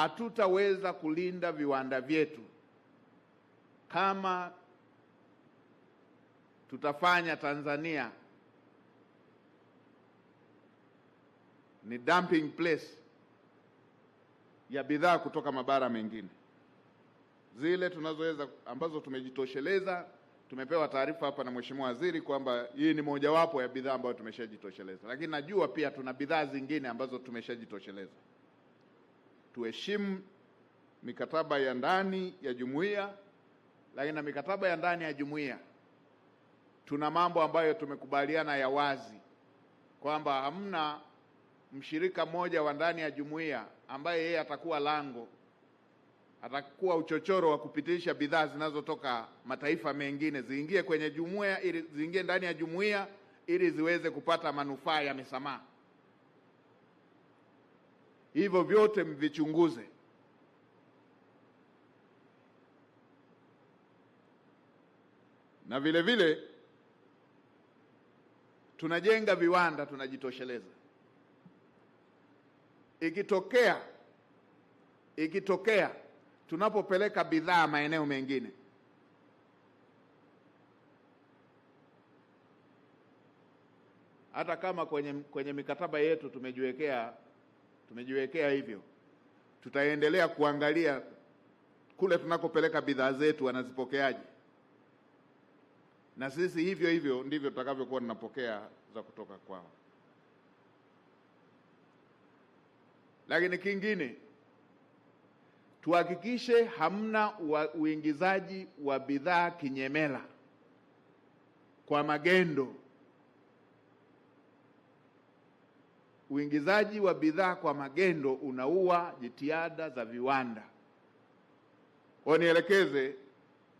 hatutaweza kulinda viwanda vyetu kama tutafanya Tanzania ni dumping place ya bidhaa kutoka mabara mengine, zile tunazoweza ambazo tumejitosheleza. Tumepewa taarifa hapa na Mheshimiwa Waziri kwamba hii ni mojawapo ya bidhaa ambayo tumeshajitosheleza, lakini najua pia tuna bidhaa zingine ambazo tumeshajitosheleza tuheshimu mikataba ya ndani ya jumuiya, lakini na mikataba ya ndani ya jumuiya tuna mambo ambayo tumekubaliana ya wazi kwamba hamna mshirika mmoja wa ndani ya jumuiya ambaye yeye atakuwa lango, atakuwa uchochoro wa kupitisha bidhaa zinazotoka mataifa mengine ziingie kwenye jumuiya ili ziingie ndani ya jumuiya ili ziweze kupata manufaa ya misamaha. Hivyo vyote mvichunguze. Na vile vile tunajenga viwanda, tunajitosheleza. Ikitokea ikitokea tunapopeleka bidhaa maeneo mengine hata kama kwenye, kwenye mikataba yetu tumejiwekea tumejiwekea hivyo. Tutaendelea kuangalia kule tunakopeleka bidhaa zetu wanazipokeaje, na sisi hivyo hivyo ndivyo tutakavyokuwa tunapokea za kutoka kwao. Lakini kingine tuhakikishe hamna uingizaji wa bidhaa kinyemela kwa magendo. uingizaji wa bidhaa kwa magendo unaua jitihada za viwanda. Kwa nielekeze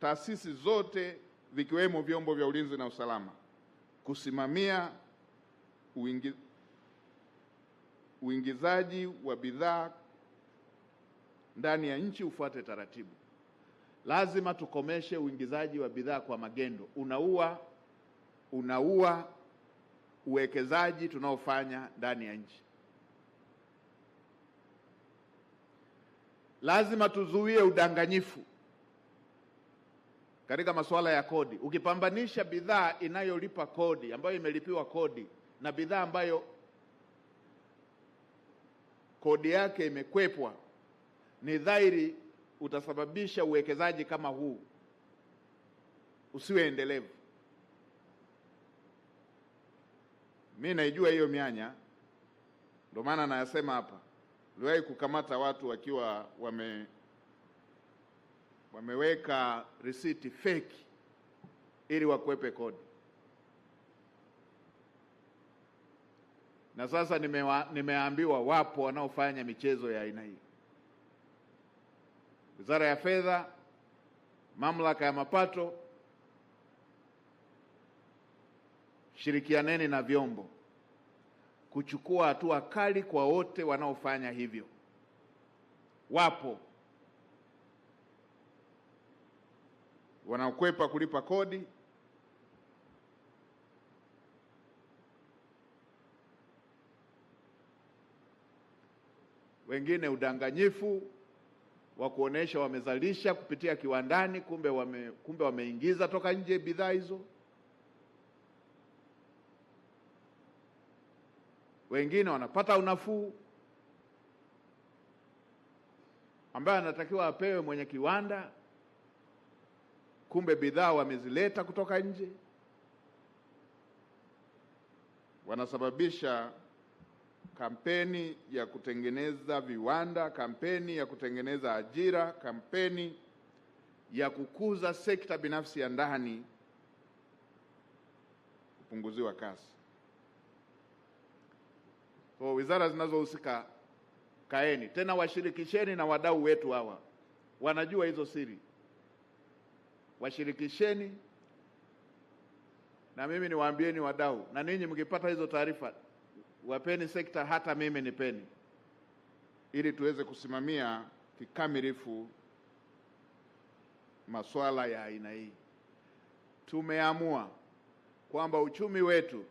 taasisi zote vikiwemo vyombo vya ulinzi na usalama kusimamia uingi, uingizaji wa bidhaa ndani ya nchi ufuate taratibu. Lazima tukomeshe uingizaji wa bidhaa kwa magendo, unaua unaua uwekezaji tunaofanya ndani ya nchi. Lazima tuzuie udanganyifu katika masuala ya kodi. Ukipambanisha bidhaa inayolipa kodi ambayo imelipiwa kodi na bidhaa ambayo kodi yake imekwepwa, ni dhahiri utasababisha uwekezaji kama huu usiwe endelevu. mi naijua hiyo mianya, ndio maana nayasema hapa. Uliwahi kukamata watu wakiwa wame wameweka risiti feki ili wakwepe kodi, na sasa nimewa, nimeambiwa wapo wanaofanya michezo ya aina hii. Wizara ya Fedha, mamlaka ya mapato Shirikianeni na vyombo kuchukua hatua kali kwa wote wanaofanya hivyo. Wapo wanaokwepa kulipa kodi, wengine udanganyifu wa kuonesha wamezalisha kupitia kiwandani, kumbe wame, kumbe wameingiza toka nje bidhaa hizo. wengine wanapata unafuu ambaye anatakiwa apewe mwenye kiwanda, kumbe bidhaa wamezileta kutoka nje, wanasababisha kampeni ya kutengeneza viwanda, kampeni ya kutengeneza ajira, kampeni ya kukuza sekta binafsi ya ndani kupunguziwa kasi. Kwa wizara zinazohusika, kaeni tena, washirikisheni na wadau wetu hawa, wanajua hizo siri, washirikisheni na mimi niwaambieni wadau, na ninyi mkipata hizo taarifa wapeni sekta, hata mimi nipeni, ili tuweze kusimamia kikamilifu masuala ya aina hii. Tumeamua kwamba uchumi wetu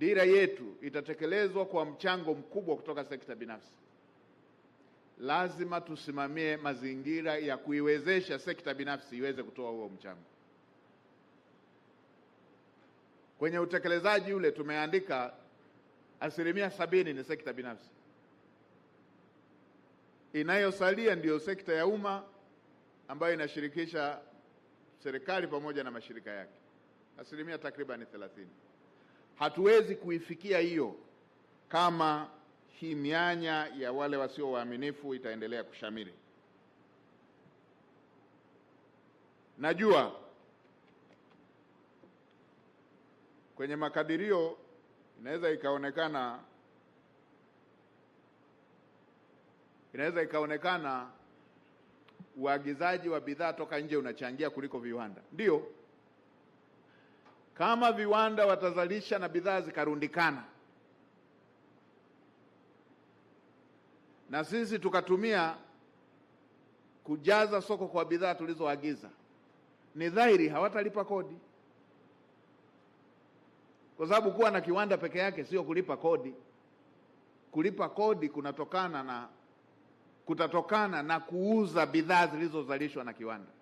Dira yetu itatekelezwa kwa mchango mkubwa kutoka sekta binafsi. Lazima tusimamie mazingira ya kuiwezesha sekta binafsi iweze kutoa huo mchango. Kwenye utekelezaji ule tumeandika asilimia sabini ni sekta binafsi, inayosalia ndiyo sekta ya umma ambayo inashirikisha serikali pamoja na mashirika yake, asilimia takribani thelathini. Hatuwezi kuifikia hiyo kama hii mianya ya wale wasio waaminifu itaendelea kushamiri. Najua kwenye makadirio inaweza ikaonekana inaweza ikaonekana uagizaji wa bidhaa toka nje unachangia kuliko viwanda, ndio. Kama viwanda watazalisha na bidhaa zikarundikana na sisi tukatumia kujaza soko kwa bidhaa tulizoagiza, ni dhahiri hawatalipa kodi, kwa sababu kuwa na kiwanda peke yake sio kulipa kodi. Kulipa kodi kunatokana na kutatokana na kuuza bidhaa zilizozalishwa na kiwanda.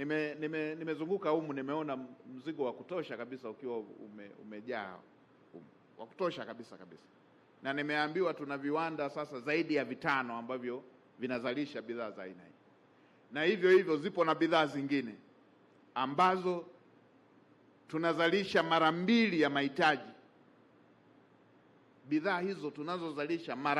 Nime, nime, nimezunguka humu nimeona mzigo wa kutosha kabisa ukiwa ume, umejaa humu wa kutosha kabisa kabisa, na nimeambiwa tuna viwanda sasa zaidi ya vitano ambavyo vinazalisha bidhaa za aina hii, na hivyo hivyo zipo na bidhaa zingine ambazo tunazalisha mara mbili ya mahitaji. Bidhaa hizo tunazozalisha mara